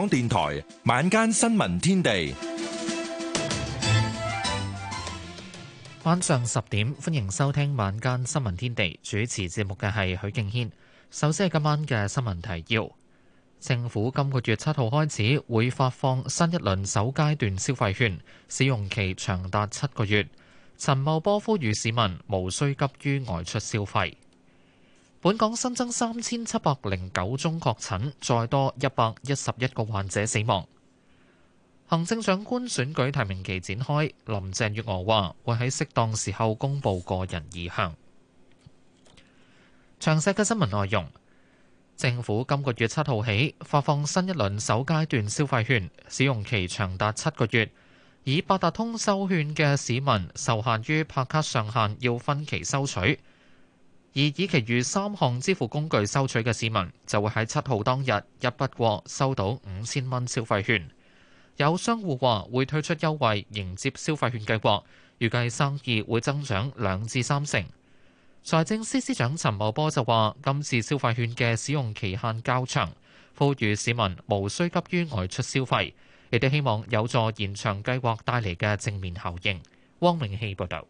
港電台晚間新聞天地，晚上十點。歡迎收聽晚間新聞天地。主持節目嘅係許敬軒。首先係今晚嘅新聞提要：政府今個月七號開始會發放新一輪首階段消費券，使用期長達七個月。陳茂波呼籲市民無需急於外出消費。本港新增三千七百零九宗確診，再多一百一十一個患者死亡。行政長官選舉提名期展開，林鄭月娥話會喺適當時候公布個人意向。詳細嘅新聞內容。政府今個月七號起發放新一輪首階段消費券，使用期長達七個月。以八達通收券嘅市民受限於拍卡上限，要分期收取。而以其餘三項支付工具收取嘅市民就會喺七號當日一筆過收到五千蚊消費券。有商戶話會推出優惠迎接消費券計劃，預計生意會增長兩至三成。財政司司長陳茂波就話：今次消費券嘅使用期限較長，呼籲市民無需急於外出消費，亦都希望有助延長計劃帶嚟嘅正面效應。汪明希報導。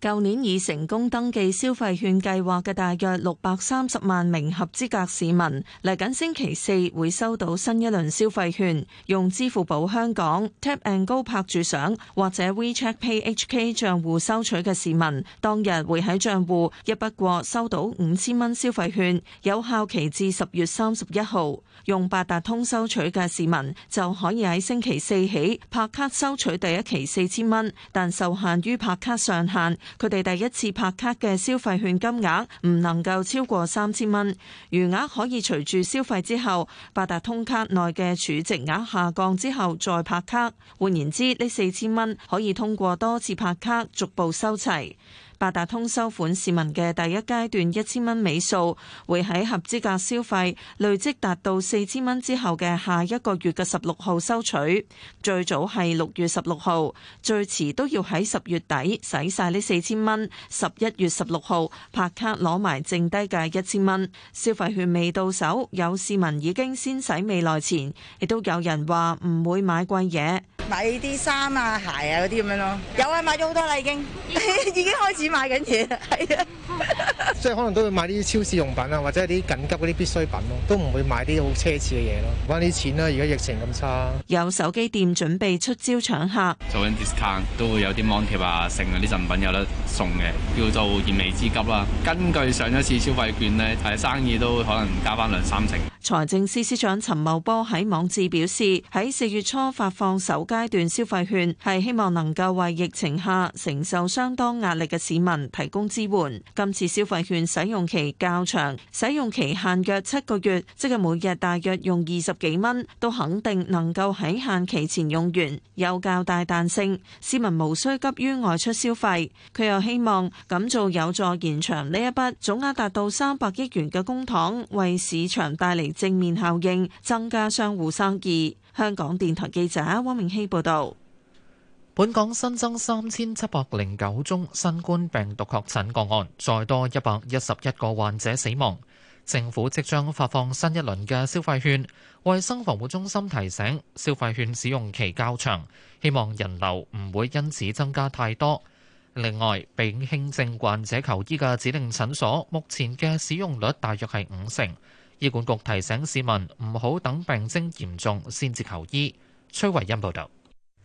舊年已成功登記消費券計劃嘅大約六百三十萬名合資格市民，嚟緊星期四會收到新一輪消費券。用支付寶香港 Tap and Go 拍住賞、或者 WeChat Pay HK 賬戶收取嘅市民，當日會喺賬戶一筆過收到五千蚊消費券，有效期至十月三十一號。用八達通收取嘅市民就可以喺星期四起拍卡收取第一期四千蚊，但受限於拍卡上限。佢哋第一次拍卡嘅消費券金額唔能夠超過三千蚊，餘額可以隨住消費之後，八達通卡內嘅儲值額下降之後再拍卡。換言之，呢四千蚊可以通過多次拍卡逐步收齊。八達通收款市民嘅第一階段一千蚊尾數，會喺合資格消費累積達到四千蚊之後嘅下一個月嘅十六號收取，最早係六月十六號，最遲都要喺十月底使晒呢四千蚊，十一月十六號拍卡攞埋剩低嘅一千蚊。消費券未到手，有市民已經先使未來錢，亦都有人話唔會買貴嘢。買啲衫啊、鞋啊嗰啲咁樣咯，有啊，買咗好多啦，已經 已經開始買緊嘢啦，係啊，即係 可能都會買啲超市用品啊，或者係啲緊急嗰啲必需品咯，都唔會買啲好奢侈嘅嘢咯，揾啲錢啦、啊，而家疫情咁差、啊，有手機店準備出招搶客，做緊 discount 都會有啲 mon 貼啊、剩嗰啲贈品有得送嘅，叫做燃眉之急啦。根據上一次消費券呢，係生意都可能加翻兩三成。財政司司司長陳茂波喺網誌表示，喺四月初發放首間。階段消費券係希望能夠為疫情下承受相當壓力嘅市民提供支援。今次消費券使用期較長，使用期限約七個月，即係每日大約用二十幾蚊，都肯定能夠喺限期前用完，有較大彈性。市民無需急於外出消費。佢又希望咁做有助延長呢一筆總額達到三百億元嘅公帑，為市場帶嚟正面效應，增加商戶生意。香港電台記者汪明希報道，本港新增三千七百零九宗新冠病毒確診個案，再多一百一十一個患者死亡。政府即將發放新一輪嘅消費券，衛生防護中心提醒，消費券使用期較長，希望人流唔會因此增加太多。另外，畀輕症患者求醫嘅指定診所，目前嘅使用率大約係五成。醫管局提醒市民唔好等病徵嚴重先至求醫。崔惠欣報道，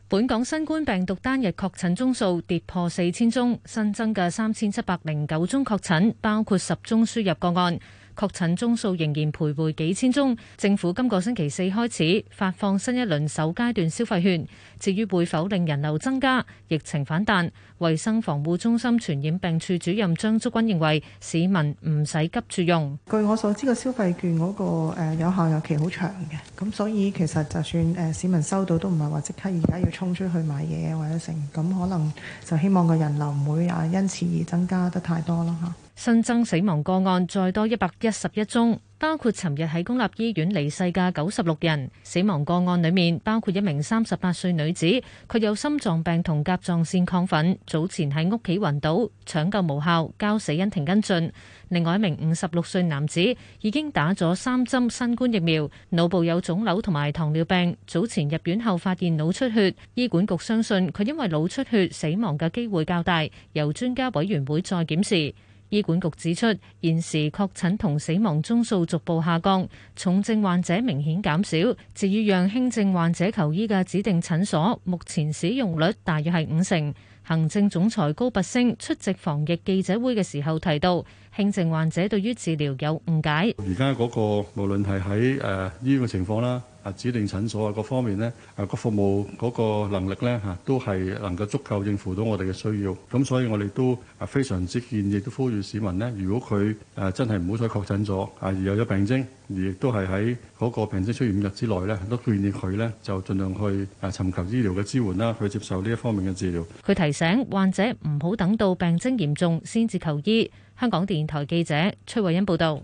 本港新冠病毒單日確診宗數跌破四千宗，新增嘅三千七百零九宗確診，包括十宗輸入個案。確診宗數仍然徘徊幾千宗，政府今個星期四開始發放新一輪首階段消費券。至於會否令人流增加、疫情反彈，衞生防護中心傳染病處主任張竹君認為，市民唔使急住用。據我所知嘅消費券嗰個誒有效日期好長嘅，咁所以其實就算誒市民收到都唔係話即刻而家要衝出去買嘢或者成，咁可能就希望個人流唔會啊因此而增加得太多啦嚇。新增死亡個案再多一百一十一宗，包括尋日喺公立醫院離世嘅九十六人。死亡個案裏面包括一名三十八歲女子，佢有心臟病同甲狀腺亢奮，早前喺屋企暈倒，搶救無效，交死因庭跟進。另外一名五十六歲男子已經打咗三針新冠疫苗，腦部有腫瘤同埋糖尿病，早前入院後發現腦出血，醫管局相信佢因為腦出血死亡嘅機會較大，由專家委員會再檢視。醫管局指出，現時確診同死亡宗數逐步下降，重症患者明顯減少。至於讓輕症患者求醫嘅指定診所，目前使用率大約係五成。行政總裁高拔陞出席防疫記者會嘅時候提到，輕症患者對於治療有誤解。而家嗰個無論係喺誒醫院嘅情況啦。啊，指定診所啊，各方面呢啊個服務嗰個能力呢，嚇，都係能夠足夠應付到我哋嘅需要。咁所以，我哋都啊非常之建議，都呼籲市民呢，如果佢誒真係唔好再確診咗，啊而有咗病徵，而亦都係喺嗰個病徵出現五日之內呢，都建議佢呢，就盡量去啊尋求醫療嘅支援啦，去接受呢一方面嘅治療。佢提醒患者唔好等到病徵嚴重先至求醫。香港電台記者崔慧欣報道。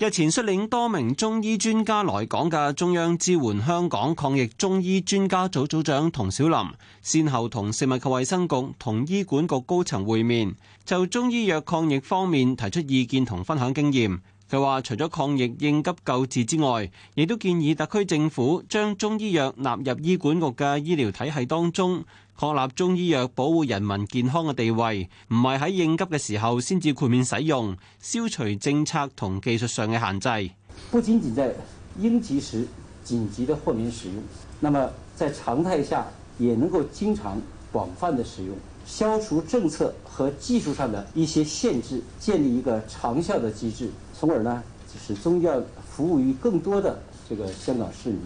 日前率領多名中醫專家來港嘅中央支援香港抗疫中醫專家組組長佟小林，先後同食物及衛生局、同醫管局高層會面，就中醫藥抗疫方面提出意見同分享經驗。佢話，除咗抗疫應急救治之外，亦都建議特區政府將中醫藥納入醫管局嘅醫療體系當中。確立中醫藥保護人民健康嘅地位，唔係喺應急嘅時候先至豁免使用，消除政策同技術上嘅限制。不僅僅在應急時緊急的豁免使用，那麼在常態下也能夠經常廣泛的使用，消除政策和技術上的一些限制，建立一個長效的機制，從而呢使中醫藥服務於更多的這個香港市民。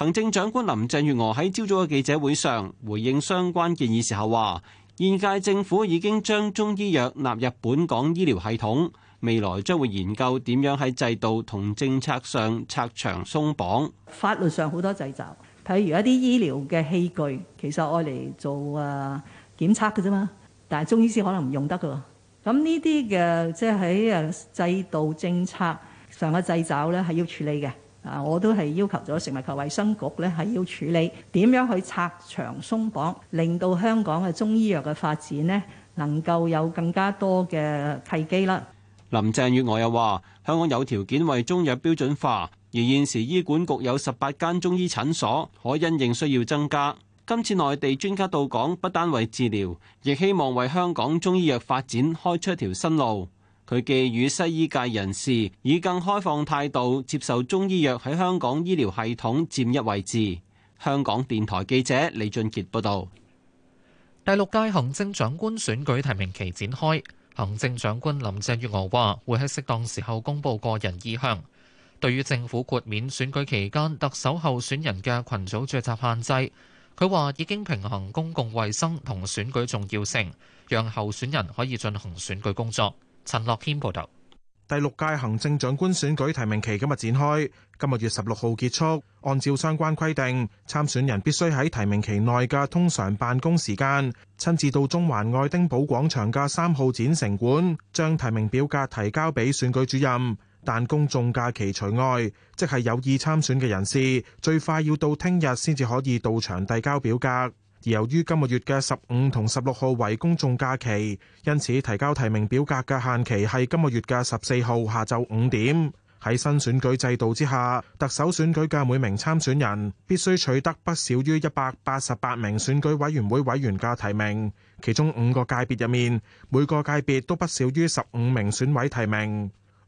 行政長官林鄭月娥喺朝早嘅記者會上回應相關建議時候話，現屆政府已經將中醫藥納入本港醫療系統，未來將會研究點樣喺制度同政策上拆牆鬆綁。法律上好多掣肘，譬如一啲醫療嘅器具，其實愛嚟做啊檢測嘅啫嘛，但係中醫師可能唔用得噶。咁呢啲嘅即係喺啊制度政策上嘅掣肘咧，係要處理嘅。啊！我都係要求咗食物及衞生局咧，係要處理點樣去拆牆鬆綁，令到香港嘅中醫藥嘅發展咧，能夠有更加多嘅契機啦。林鄭月娥又話：香港有條件為中藥標準化，而現時醫管局有十八間中醫診所，可因應需要增加。今次內地專家到港，不單為治療，亦希望為香港中醫藥發展開出一條新路。佢寄語西醫界人士以更開放態度接受中醫藥喺香港醫療系統佔一位置。香港電台記者李俊傑報道，第六屆行政長官選舉提名期展開，行政長官林鄭月娥話會喺適當時候公布個人意向。對於政府豁免選舉期間特首候選人嘅群組聚集限制，佢話已經平衡公共衛生同選舉重要性，讓候選人可以進行選舉工作。陳樂謙報道：第六屆行政長官選舉提名期今日展開，今個月十六號結束。按照相關規定，參選人必須喺提名期內嘅通常辦公時間，親自到中環愛丁堡廣場嘅三號展城館，將提名表格提交俾選舉主任。但公眾假期除外，即係有意參選嘅人士，最快要到聽日先至可以到場遞交表格。由於今個月嘅十五同十六號為公眾假期，因此提交提名表格嘅限期係今個月嘅十四號下晝五點。喺新選舉制度之下，特首選舉嘅每名參選人必須取得不少於一百八十八名選舉委員會委員嘅提名，其中五個界別入面，每個界別都不少於十五名選委提名。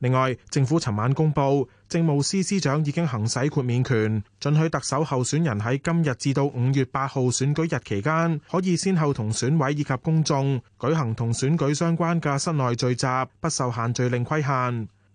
另外，政府尋晚公布，政務司司長已經行使豁免權，准許特首候選人喺今日至到五月八號選舉日期間，可以先後同選委以及公眾舉行同選舉相關嘅室內聚集，不受限聚令規限。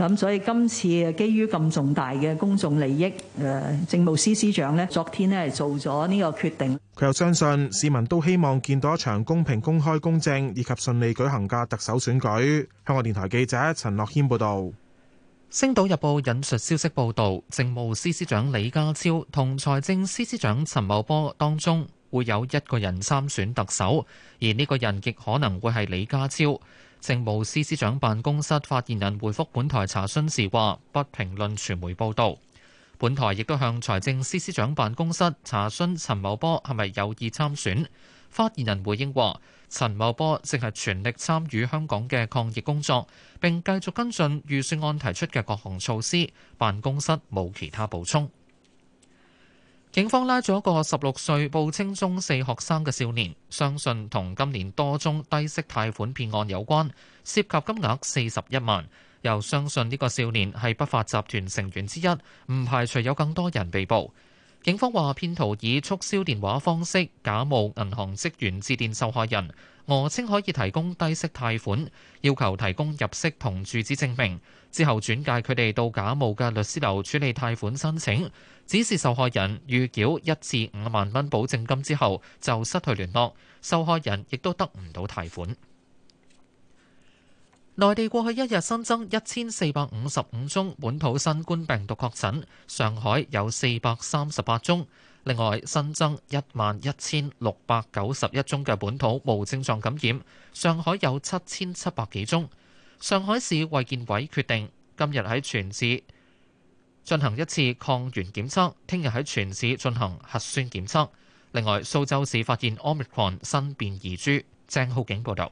咁所以今次基於咁重大嘅公眾利益，誒政務司司長呢，昨天呢做咗呢個決定。佢又相信市民都希望見到一場公平、公開公正以及順利舉行嘅特首選舉。香港電台記者陳樂謙報道。星島日報引述消息報道，政務司司長李家超同財政司司長陳茂波當中。會有一個人參選特首，而呢個人亦可能會係李家超。政務司司長辦公室發言人回覆本台查詢時話：不評論傳媒報道。本台亦都向財政司司長辦公室查詢陳茂波係咪有意參選，發言人回應話：陳茂波正係全力參與香港嘅抗疫工作，並繼續跟進預算案提出嘅各項措施。辦公室冇其他補充。警方拉咗個十六歲報稱中四學生嘅少年，相信同今年多宗低息貸款騙案有關，涉及金額四十一萬。又相信呢個少年係不法集團成員之一，唔排除有更多人被捕。警方話，騙徒以促銷電話方式假冒銀行職員致電受害人，訛稱可以提供低息貸款，要求提供入息同住址證明，之後轉介佢哋到假冒嘅律師樓處理貸款申請。指示受害人預繳一至五萬蚊保證金之後就失去聯絡，受害人亦都得唔到貸款。內地過去一日新增一千四百五十五宗本土新冠病毒確診，上海有四百三十八宗，另外新增一萬一千六百九十一宗嘅本土無症狀感染，上海有七千七百幾宗。上海市衛健委決定今日喺全市進行一次抗原檢測，聽日喺全市進行核酸檢測。另外，蘇州市發現 Omicron 新變異株。鄭浩景報道。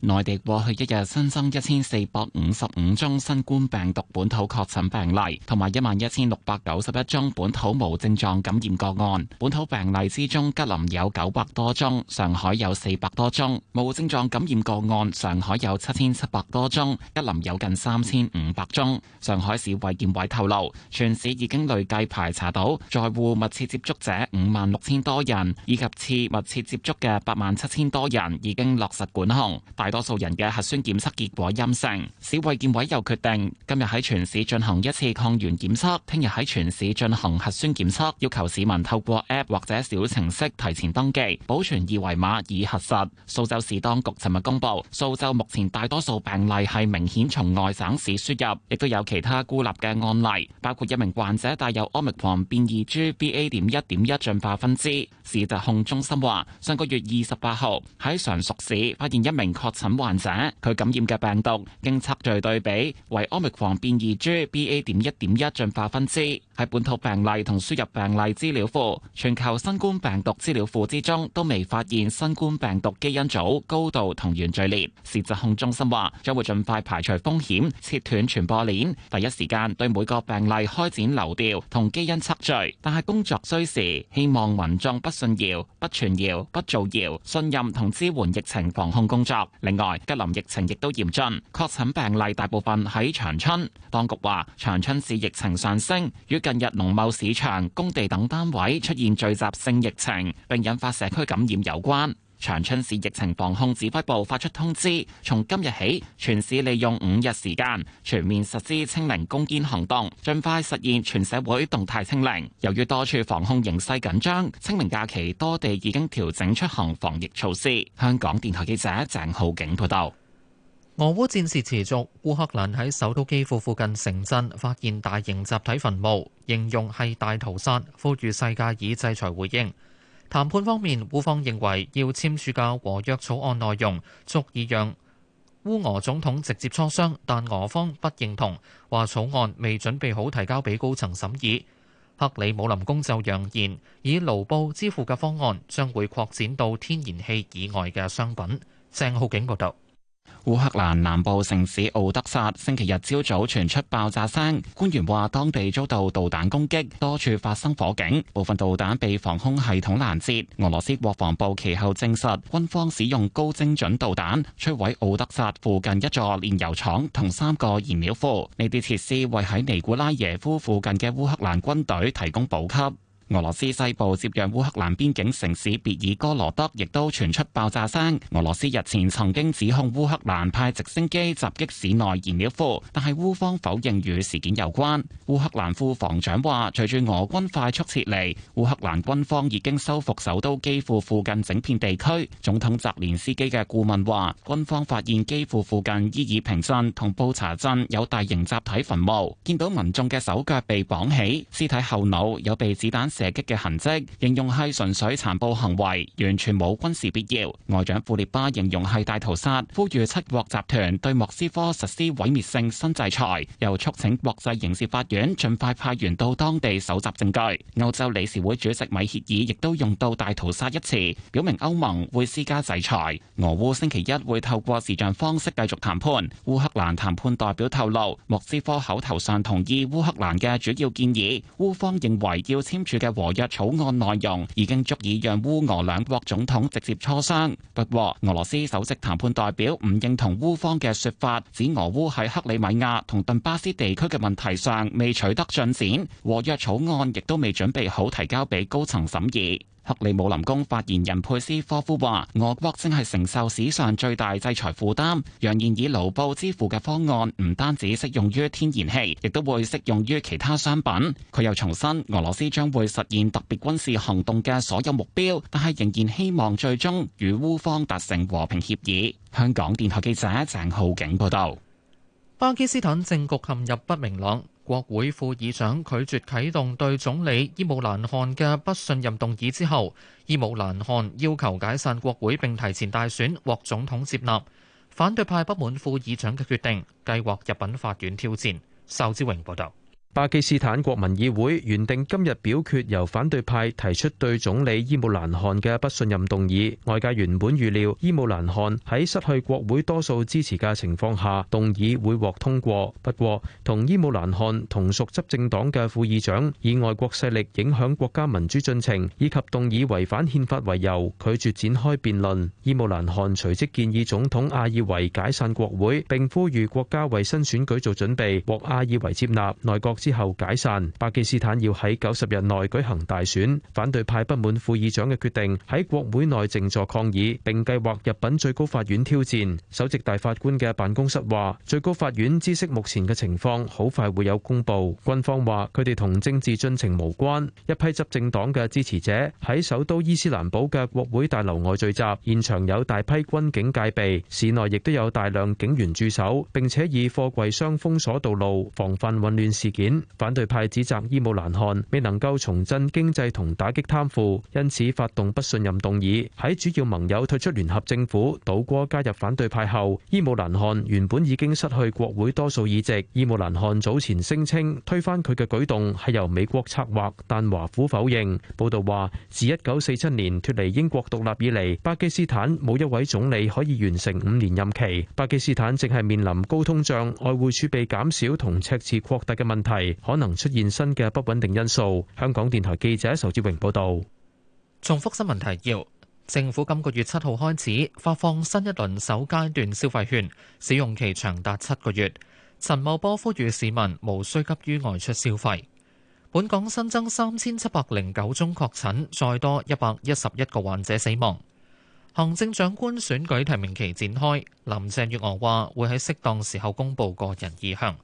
內地過去一日新增一千四百五十五宗新冠病毒本土確診病例，同埋一萬一千六百九十一宗本土無症狀感染個案。本土病例之中，吉林有九百多宗，上海有四百多宗；無症狀感染個案，上海有七千七百多宗，吉林有近三千五百宗。上海市衛健委透露，全市已經累計排查到在滬密切接觸者五萬六千多人，以及次密切接觸嘅八萬七千多人，已經落實管控。大多數人嘅核酸檢測結果陰性，市衛健委又決定今日喺全市進行一次抗原檢測，聽日喺全市進行核酸檢測，要求市民透過 App 或者小程式提前登記，保存二維碼以核實。蘇州市當局尋日公布，蘇州目前大多數病例係明顯從外省市輸入，亦都有其他孤立嘅案例，包括一名患者帶有奧密克戎變異株 BA.1.1 進化分支。市疾控中心話，上個月二十八號喺常熟市發現一名確診患者，佢感染嘅病毒經測序對比為奧密克戎變異株 BA. 點一點一進化分支。喺本土病例同輸入病例資料庫，全球新冠病毒資料庫之中都未發現新冠病毒基因組高度同源序列。市疾控中心話將會盡快排除風險，切斷傳播鏈，第一時間對每個病例開展流調同基因測序。但係工作需時，希望民眾不信謠、不傳謠、不造謠，信任同支援疫情防控工作。另外，吉林疫情亦都嚴峻，確診病例大部分喺長春。當局話長春市疫情上升，越近日，農貿市場、工地等單位出現聚集性疫情，並引發社區感染有關。長春市疫情防控指揮部發出通知，從今日起，全市利用五日時間全面實施清零攻堅行動，盡快實現全社會動態清零。由於多處防控形勢緊張，清明假期多地已經調整出行防疫措施。香港電台記者鄭浩景報道。俄烏戰事持續，烏克蘭喺首都基輔附近城鎮發現大型集體墳墓，形容係大屠殺，呼籲世界以制裁回應。談判方面，烏方認為要簽署嘅和約草案內容足以讓烏俄總統直接磋商，但俄方不認同，話草案未準備好提交俾高層審議。克里姆林宮就揚言，以盧布支付嘅方案將會擴展到天然氣以外嘅商品。鄭浩景報導。烏克蘭南部城市奧德薩星期日朝早傳出爆炸聲，官員話當地遭到導彈攻擊，多處發生火警，部分導彈被防空系統攔截。俄羅斯國防部其後證實，軍方使用高精準導彈摧毀奧德薩附近一座煉油廠同三個燃料庫，呢啲設施為喺尼古拉耶夫附近嘅烏克蘭軍隊提供補給。俄羅斯西部接壤烏克蘭邊境城市別爾哥羅德亦都傳出爆炸聲。俄羅斯日前曾經指控烏克蘭派直升機襲擊市內燃料庫，但係烏方否認與事件有關。烏克蘭副防長話，隨住俄軍快速撤離，烏克蘭軍方已經收復首都基輔附近整片地區。總統澤連斯基嘅顧問話，軍方發現基輔附近伊爾平鎮同布查鎮有大型集體墳墓，見到民眾嘅手腳被綁起，屍體後腦有被子彈射。射擊嘅痕跡，形容係純粹殘暴行為，完全冇軍事必要。外長庫列巴形容係大屠殺，呼籲七國集團對莫斯科實施毀滅性新制裁，又促請國際刑事法院盡快派員到當地搜集證據。歐洲理事會主席米歇爾亦都用到大屠殺一詞，表明歐盟會施加制裁。俄烏星期一會透過視像方式繼續談判。烏克蘭談判代表透露，莫斯科口頭上同意烏克蘭嘅主要建議，烏方認為要簽署。嘅和約草案內容已經足以讓烏俄兩國總統直接磋商。不過，俄羅斯首席談判代表唔認同烏方嘅說法，指俄烏喺克里米亞同頓巴斯地區嘅問題上未取得進展，和約草案亦都未準備好提交俾高層審議。克里姆林宮發言人佩斯科夫話：俄國正係承受史上最大制裁負擔，揚言以盧布支付嘅方案唔單止適用於天然氣，亦都會適用於其他商品。佢又重申，俄羅斯將會實現特別軍事行動嘅所有目標，但係仍然希望最終與烏方達成和平協議。香港電台記者鄭浩景報道。巴基斯坦政局陷入不明朗。國會副議長拒絕啟動對總理伊姆蘭汗嘅不信任動議之後，伊姆蘭汗要求解散國會並提前大選獲總統接納。反對派不滿副議長嘅決定，計劃入稟法院挑戰。仇志榮報道。巴基斯坦國民議會原定今日表決，由反對派提出對總理伊姆蘭汗嘅不信任動議。外界原本預料伊姆蘭汗喺失去國會多數支持嘅情況下，動議會獲通過。不過，同伊姆蘭汗同屬執政黨嘅副議長以外國勢力影響國家民主進程以及動議違反憲法為由，拒絕展開辯論。伊姆蘭汗隨即建議總統阿爾維解散國會，並呼籲國家為新選舉做準備，獲阿爾維接納。內閣。之後解散。巴基斯坦要喺九十日內舉行大選。反對派不滿副議長嘅決定，喺國會內靜坐抗議，並計劃入禀最高法院挑戰。首席大法官嘅辦公室話，最高法院知悉目前嘅情況，好快會有公布。軍方話佢哋同政治進程無關。一批執政黨嘅支持者喺首都伊斯蘭堡嘅國會大樓外聚集，現場有大批軍警戒備，市內亦都有大量警員駐守，並且以貨櫃箱封鎖道路，防範混亂事件。反對派指責伊姆蘭汗未能夠重振經濟同打擊貪腐，因此發動不信任動議。喺主要盟友退出聯合政府，倒戈加入反對派後，伊姆蘭汗原本已經失去國會多數議席。伊姆蘭汗早前聲稱推翻佢嘅舉動係由美國策劃，但華府否認。報道話，自一九四七年脫離英國獨立以嚟，巴基斯坦冇一位總理可以完成五年任期。巴基斯坦正係面臨高通脹、外匯儲備減少同赤字擴大嘅問題。可能出現新嘅不穩定因素。香港電台記者仇志榮報道。重複新聞提要：政府今個月七號開始發放新一輪首階段消費券，使用期長達七個月。陳茂波呼籲市民無需急於外出消費。本港新增三千七百零九宗確診，再多一百一十一個患者死亡。行政長官選舉提名期展開，林鄭月娥話會喺適當時候公布個人意向。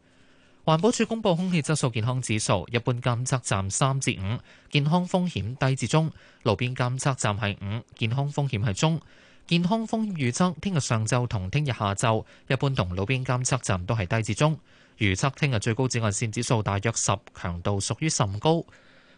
環保署公布空氣質素健康指數，一般監測站三至五，健康風險低至中；路邊監測站係五，健康風險係中。健康風險預測聽日上晝同聽日下晝，一般同路邊監測站都係低至中。預測聽日最高紫外線指數大約十，強度屬於甚高。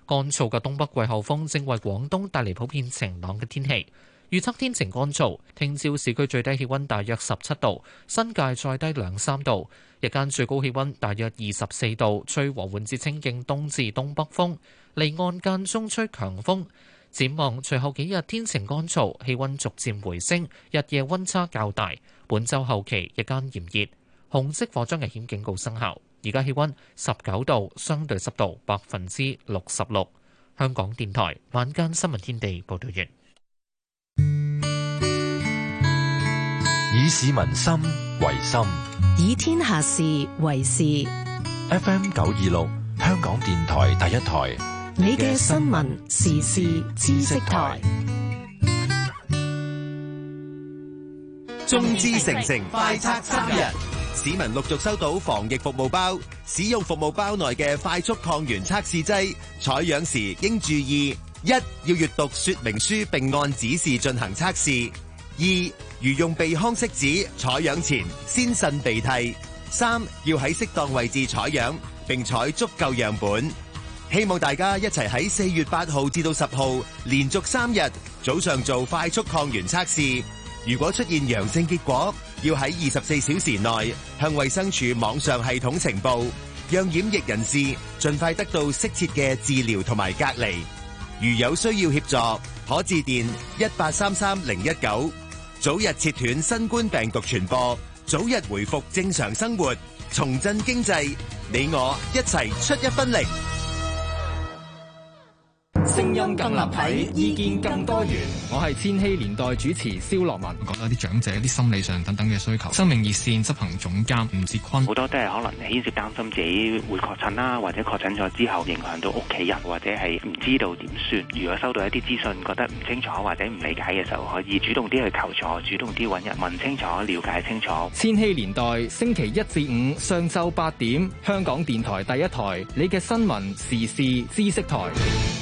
乾燥嘅東北季候風正為廣東帶嚟普遍晴朗嘅天氣。預測天晴乾燥，聽朝市區最低氣温大約十七度，新界再低兩三度。日間最高氣温大約二十四度，吹和緩至清勁東至東北風，離岸間中吹強風。展望隨後幾日天晴乾燥，氣温逐漸回升，日夜温差較大。本週後期日間炎熱，紅色火災危險警告生效。而家氣温十九度，相對濕度百分之六十六。香港電台晚間新聞天地報道完。以市民心為心，以天下事為事。F. M. 九二六香港電台第一台，你嘅新聞時事知識台。眾志成城，快測三日，市民陸續收到防疫服務包，使用服務包內嘅快速抗原測試劑採樣時應注意：一要閱讀說明書並按指示進行測試；二。如用鼻腔拭子採樣前，先擤鼻涕。三，要喺適當位置採樣，並採足夠樣本。希望大家一齊喺四月八號至到十號連續三日早上做快速抗原測試。如果出現陽性結果，要喺二十四小時內向衛生署網上系統呈報，讓檢疫人士盡快得到適切嘅治療同埋隔離。如有需要協助，可致電一八三三零一九。早日切斷新冠病毒傳播，早日回復正常生活，重振經濟，你我一齊出一分力。聲音更立體，意見更多元。我係千禧年代主持蕭樂文。覺得啲長者啲心理上等等嘅需求，生命熱線執行總監吳志坤好多都係可能牽涉擔心自己會確診啦，或者確診咗之後影響到屋企人，或者係唔知道點算。如果收到一啲資訊，覺得唔清楚或者唔理解嘅時候，可以主動啲去求助，主動啲揾人問清楚、了解清楚。千禧年代星期一至五上晝八點，香港電台第一台你嘅新聞時事知識台。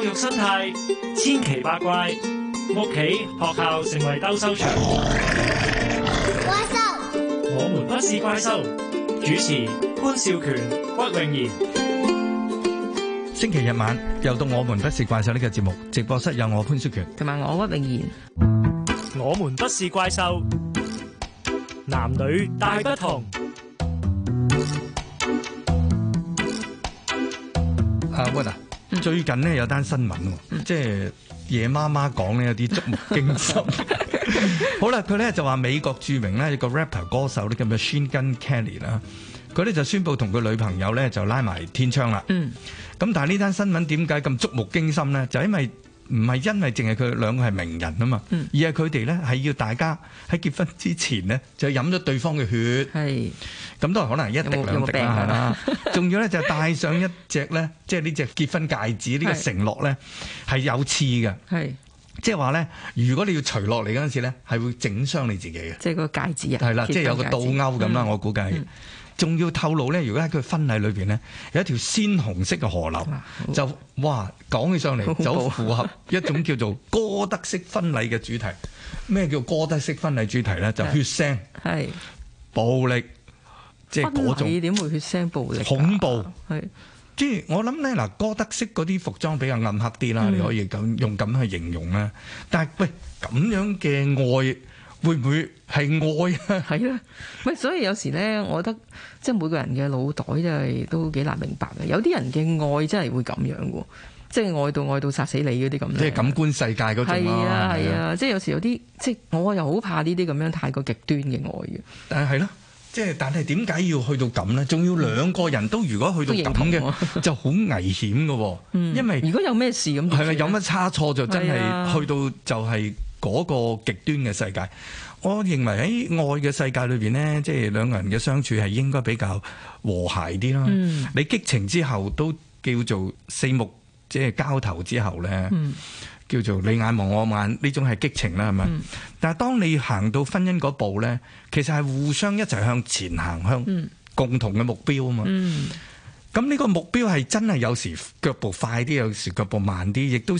教育生態千奇百怪，屋企學校成為鬥獸場。S 怪獸，我們不是怪獸。主持潘少權、屈穎妍。星期日晚又到我們不是怪獸呢個節目，直播室有我潘少權同埋我屈穎妍。我們不是怪獸，男女大不同。啊，喂啊！最近咧有單新聞，嗯、即係夜媽媽講咧有啲觸目驚心。 好啦，佢咧就話美國著名咧一個 rapper 歌手咧叫 Machine Gun Kelly 啦，佢咧就宣布同佢女朋友咧就拉埋天窗啦。嗯，咁但係呢單新聞點解咁觸目驚心咧？就因為。唔係因為淨係佢兩個係名人啊嘛，嗯、而係佢哋咧係要大家喺結婚之前咧就飲咗對方嘅血，咁是都可能一滴兩滴啦、啊。仲、啊、 要咧就戴上一隻咧，即係呢隻結婚戒指呢、呢個承諾咧係是有刺嘅，是即係話咧如果你要除落嚟嗰陣時咧係會整傷你自己嘅，即係個戒指啊，係啦了，即係有個倒鉤咁啦，我估計。嗯仲要透露咧，如果喺佢婚禮裏邊咧，有一條鮮紅色嘅河流，就哇講起上嚟就好符合一種叫做哥德式婚禮嘅主題。咩叫哥德式婚禮主題咧？就血腥、暴力，即係嗰種點會血腥暴力恐怖？係即係我諗咧嗱，哥德式嗰啲服裝比較暗黑啲啦，你可以咁用咁去形容咧。但係喂咁樣嘅愛。會唔會係愛啊？係啊。唔，所以有時咧，我覺得即係每個人嘅腦袋真係都幾難明白嘅。有啲人嘅愛真係會咁樣嘅，即係愛到愛到殺死你嗰啲咁。即係感官世界嗰種啦。係啊係啊，即係有時有啲即係我又好怕呢啲咁樣太過極端嘅愛嘅。但係咯，即係但係點解要去到咁咧？仲要兩個人都如果去到咁嘅，就好、啊、危險嘅。嗯，因為如果有咩事咁，係啊，有乜差錯就真係、嗯、去到就係、是。嗰個極端嘅世界，我認為喺愛嘅世界裏邊咧，即係兩個人嘅相處係應該比較和諧啲啦。你激情之後都叫做四目即係交投之後咧，叫做你眼望我眼，呢種係激情啦，係咪？但係當你行到婚姻嗰步咧，其實係互相一齊向前行向共同嘅目標啊嘛。嗯，咁呢個目標係真係有時腳步快啲，有時腳步慢啲，亦都。